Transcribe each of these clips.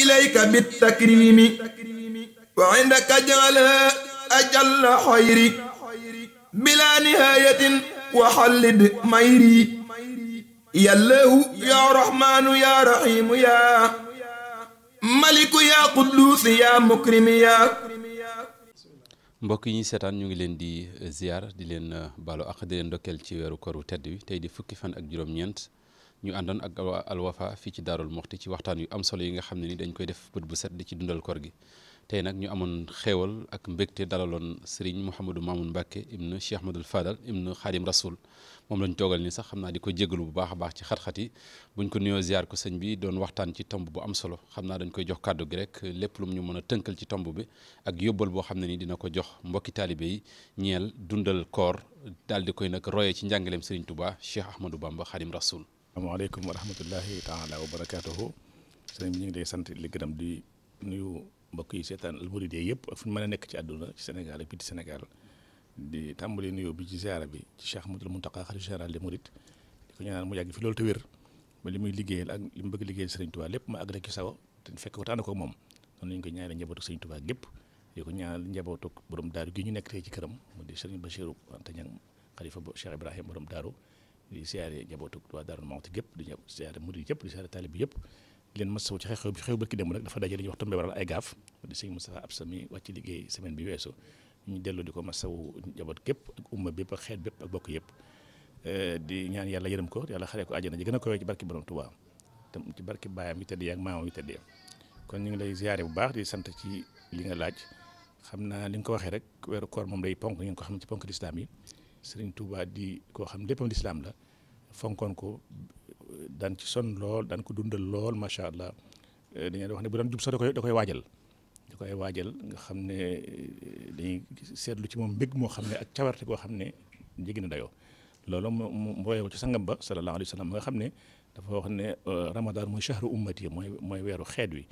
ilayka bitakrimi wa indaka jaalha ajalla xayri bila nihayatin wa xallid mayri yallahu ya rahmanu ya rahimu ya maliku ya quddus ya mukrimi ya mbokk yi ñuy seetaan ñu ngi leen di ziar di leen baalu ak di leen ndokkeel ci weeru koru tedd wi tey di fukki fan ak juróom-ñeent ñu àndoon ak waa Alwafa fii ci Daarul Muxti ci waxtaan yu am solo yi nga xam ne nii dañ koy def bët bu set di ci dundal koor gi tey nag ñu amoon xewal ak mbégte dalaloon Serigne Mouhamadou Mamoun Mbacke ibnu Cheikh Ahmadoul Fadal ibnu Xaadim Rasoul moom lañ toogal ni sax xam naa di ko jégalu bu baax a baax ci xat-xat buñ ko nuyoo ziar ko sëñ bi doon waxtaan ci tomb bu am solo xam naa dañ koy jox kàddu gi lépp lu mu ñu mën a tënkal ci tomb bi ak yóbbal boo xam ne ni dina ko jox mbokki taalibe yi ñeel dundal koor daal di koy nag royee ci njàngaleem Serigne Touba Cheikh Ahmadou Bamba Xaadim Rasoul asalaamaaleykum wa rahmatullahi taala wa barakaatuhu sëriñ bi ñu ngi lay sant li gërëm di nuyu mbokk yi seetaan Al Mouridiyyah yëpp ak fu ñu mën a nekk ci àdduna ci Sénégal ak biti Sénégal di tàmbali nuyoo bi ci ziara bi ci Cheikh Mouhamadoul Mountakha xalifa général des Mourides di ko mu yàgg fi loolu te wér li muy liggéeyal ak li mu bëgg liggéeyal Sëriñ Tuubaa lépp ma àgg rek ci sawa te ko moom noonu lañ ko ñaanal njabootu Sëriñ Tuubaa gépp di ko ñaanal njabootu borom daaru gi ñu nekk tey ci këram mu di Sëriñ Bachirou Anta Niang xalifa Cheikh Ibrahima borom daaru di siyaare njabootu waa Darou Mouhty gépp di siyaare murid yëpp di siyaare taalib yëpp di leen masawu ci xew xew bëkki dem nag dafa daje li ñuy wax tombé waral ay gaaf di sëñ eh, a ci li nga laaj xam naa li nga ko waxee rek weeru koor moom day ponk ñu ngi ko xam ci ponk lislaam yi Serigne Touba di koo xam léppam lislaam la fonkoon ko daan ci son lool daan ko dundal lool macha allah eh, dañu wax ne bu daan jub sax koy da koy waajal da koy waajal nga xam ne eh, dañuy seetlu ci moom mbég moo xam ne ak cawarte koo xam ne jéggi na dayo loolu mu mboyoo ci sangam ba sallallahu alayhi wa sallam nga xam ne dafa wax ne eh, Ramadan mooy shahru ummati mooy mooy weeru xeet wi.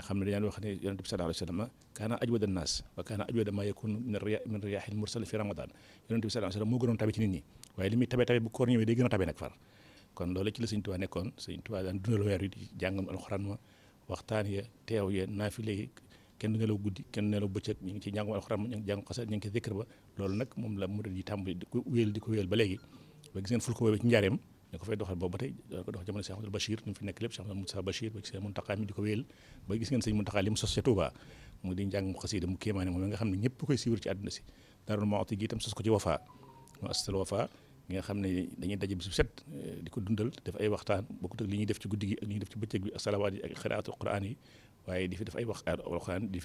nga xam ne dañaan wax ne yonent bi sallallahu alayhi wa sallam kaana ajwada naas wa kaana ajwada ma yakun min riyaa min riyaahil mursal fi ramadan yonent bi sallallahu alayhi wa sallam moo gënoon tabe ci nit ñi waaye li muy tabe tabe bu koor ñëwee day gën a tabe nag far kon loolu ci la sëñ Tuubaa nekkoon sëñ Tuubaa daan dundal weer yi jàngam alxuraan ma waxtaan ya teew ya naafile yi kenn du nelaw guddi kenn du nelaw bëccëg ñu ngi ci jàngum alxuraan ñu ngi jàngu xasa ñu ngi ci zikr ba loolu nag moom la murid yi tàmbali di ko wéel di ko wéel ba léegi ba gis ngeen ful ko woowee ci njaareem ñu ko fay doxal boobu ba tey da ko jamono Cheikh Amadou Bachir ñu fi nekk lépp Cheikh Amadou Moussa Bachir ba di ko wéyal ba gis ngeen sëñ Mountakha li mu sos ca Touba mu di njàng mu xasida mu kéemaane moom nga xam ne ñëpp koy siiwal ci àdduna si Daarul Muxti gi itam sos ko ci Wafa mu astal Wafa nga xam ne dañuy daje bis bu eh, di ko dundal def ay waxtaan bokkut ak li ñuy def ci guddi gi ak li ñuy def ci bëccëg bi ak salawaat yi ak xiraatul Quraan yi waaye di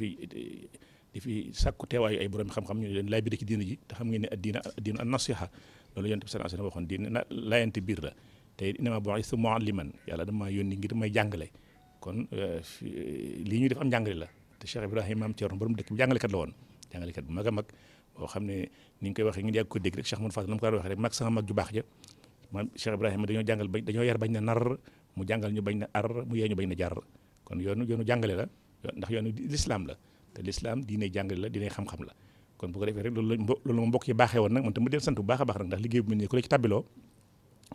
di fi sàkku teewaayu ay borom xam-xam ñu leen laabire ci diina ji te xam ngeen ne addiina addiina an nasiha loolu yonent bi sallallahu alayhi wasallam waxoon diina laayante biir la te innama bu'ithtu mu'alliman yàlla damaa yónni ngir may jàngale kon euh, lii ñuy def am jàngale la te Cheikh Ibrahima Maam Cerno borom dëkk bi jàngalekat la woon jàngalekat bu mag a mag boo xam ne ni nga koy waxee ngeen yàgg ko dégg rek Cheikh Mouhamed Fadel na mu ko daan waxee rek mag sama mag ju baax ja maam Cheikh Ibrahima dañoo jàngal bañ dañoo yar bañ na nar mu jàngal ñu bañ na ar mu yee ñu bañ na jar kon yoonu yoonu jàngale la ndax yoonu lislaam la te lislaam diine jàngale la diine xam-xam la kon bu ko defee rek loolu la ma mbokk yi baaxee woon nag man tam ma del sant bu baax a baax nag ndax liggéey bu mel nii ku la ci tàbbiloo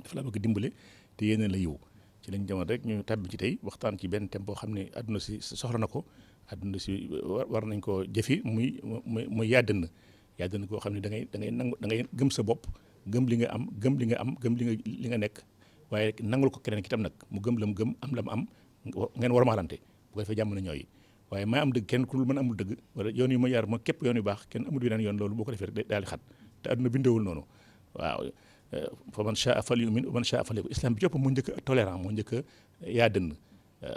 dafa te yéene la yiw ci lañ jamoon rek ñu tàbbi ci tey waxtaan ci benn boo xam ne àdduna si soxla na ko àdduna si war nañ ko jëfi muy muy muy yàddën yàddën koo xam ne da ngay da nangu da gëm sa bopp gëm li nga am gëm li nga am gëm li nga li nga nekk waaye nangul ko keneen ki tam nag mu gëm la mu gëm am la mu am ngeen war a maalante bu ko defee jàmm na ñooy waaye maa am dëgg kenn ku mën amul dëgg wala yoon yu ma yaar ma képp yoon yu baax kenn amul beneen yoon loolu boo ko defee rek daal di xat te adduna bindewul noonu waaw eh, fa man chaa fal yumin man chaa njëkk a tolérant moo njëkk a yaa eh,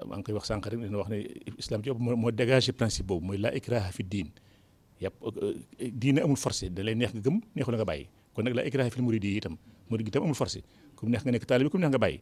maa ngi koy wax sànq rek dina wax ne islam bi yëpp moo dégagé principe boobu mooy laa ikraha fi diin yàpp eh, diine amul forcé da lay neex nga gëm neexu la nga bàyyi kon nag laa ikraha fil itam muridi itam amul forcé comme neex nga nekk taalibi comme neex nga bàyyi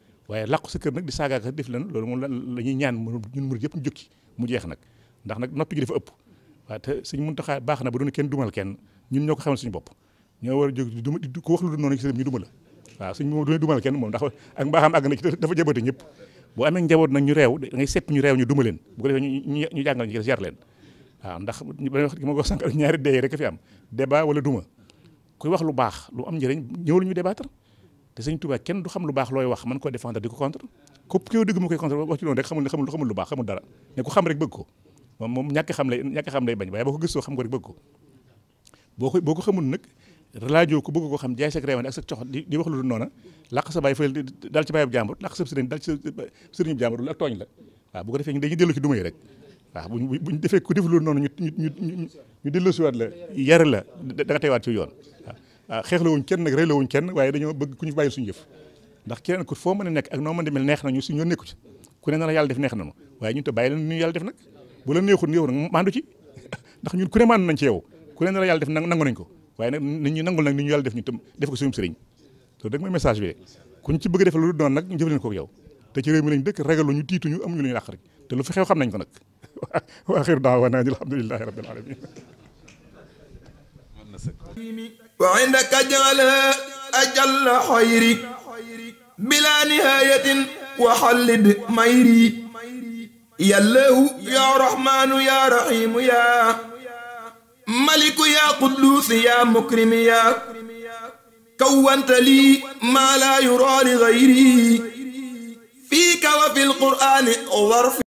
waaye làqu sa kër nag di saagaaka def leen loolu moom la ñuy ñaan ñun murid yëpp ñu jukki mu jeex nag ndax nag noppi gi dafa ëpp waaw te Sëriñ Muntaxa baax na ba doon kenn dumal kenn ñun ñoo ko suñu bopp ñoo war a jóg di duma ko wax lu dul noonu ci sëriñ ñu duma la waaw suñ moom kenn moom ndax ak mbaaxam àgg na ci dafa jaboote ñëpp boo amee njaboot nag ñu reew da ngay sepp ñu reew ñu duma leen bu ko defee ñu jàngal ñu yar leen waaw ndax ma ko sànq ñaari dee rek fi am débat wala duma kuy wax lu baax lu am njëriñ ñëwul ñu débattre te sëñ Tuubaa kenn du xam lu baax looy wax mën koo défendre di ko contre képp koo dëgg mu koy contre wax ci loolu rek xamul ne xamul xamul lu baax xamul ko boo ko gëstoo xam ko rek bëgg ko boo ko boo ko bëgg ko xam jaay sa réewande ak sa coxot di wax lu dul noona làq sa bàyyi fële dal ci bàyyib jàmbur làq sa ak tooñ la waaw bu ko defee ñu dañuy dellu ci dumay rek waaw buñ buñ defee ku def loolu noonu ñu ñu ñu ñu delloosiwaat la yare la da nga teewaat ci yoon waaw Ah, xeexlawuñ kenn nag reylawuñ kenn waaye dañoo bëgg ku ñu bàyyi suñu jëf ndax keneen ku foo mën a nekk ak noo mën a mel neex nañu su ñoo nekku ci ku na la yàlla def neex nañu waaye ñun te bàyyi leen ñu yàlla def nag bu nag maandu nañ yow ku ne na la yàlla def nangu nañ ko waaye nag nit nangul nag ni ñu yàlla def ñu tam def ko suñu sëriñ te dëgg mooy message bi kuñ ci bëgg def lu doon nag jëf leen ko yow te ci réew mi lañ dëkk ragalu ñu tiituñu amuñu lu ñu làq rek te lu fi xam nañ ko nag wa aaxiru da'waanaa alhamdulillahi rabbil aalamiin وعندك اجعلها أجل خيري بلا نهاية وحلد ميري يا الله يا رحمن يا رحيم يا ملك يا قدوس يا مكرم يا كونت لي ما لا يرى لغيري فيك وفي القرآن ظرف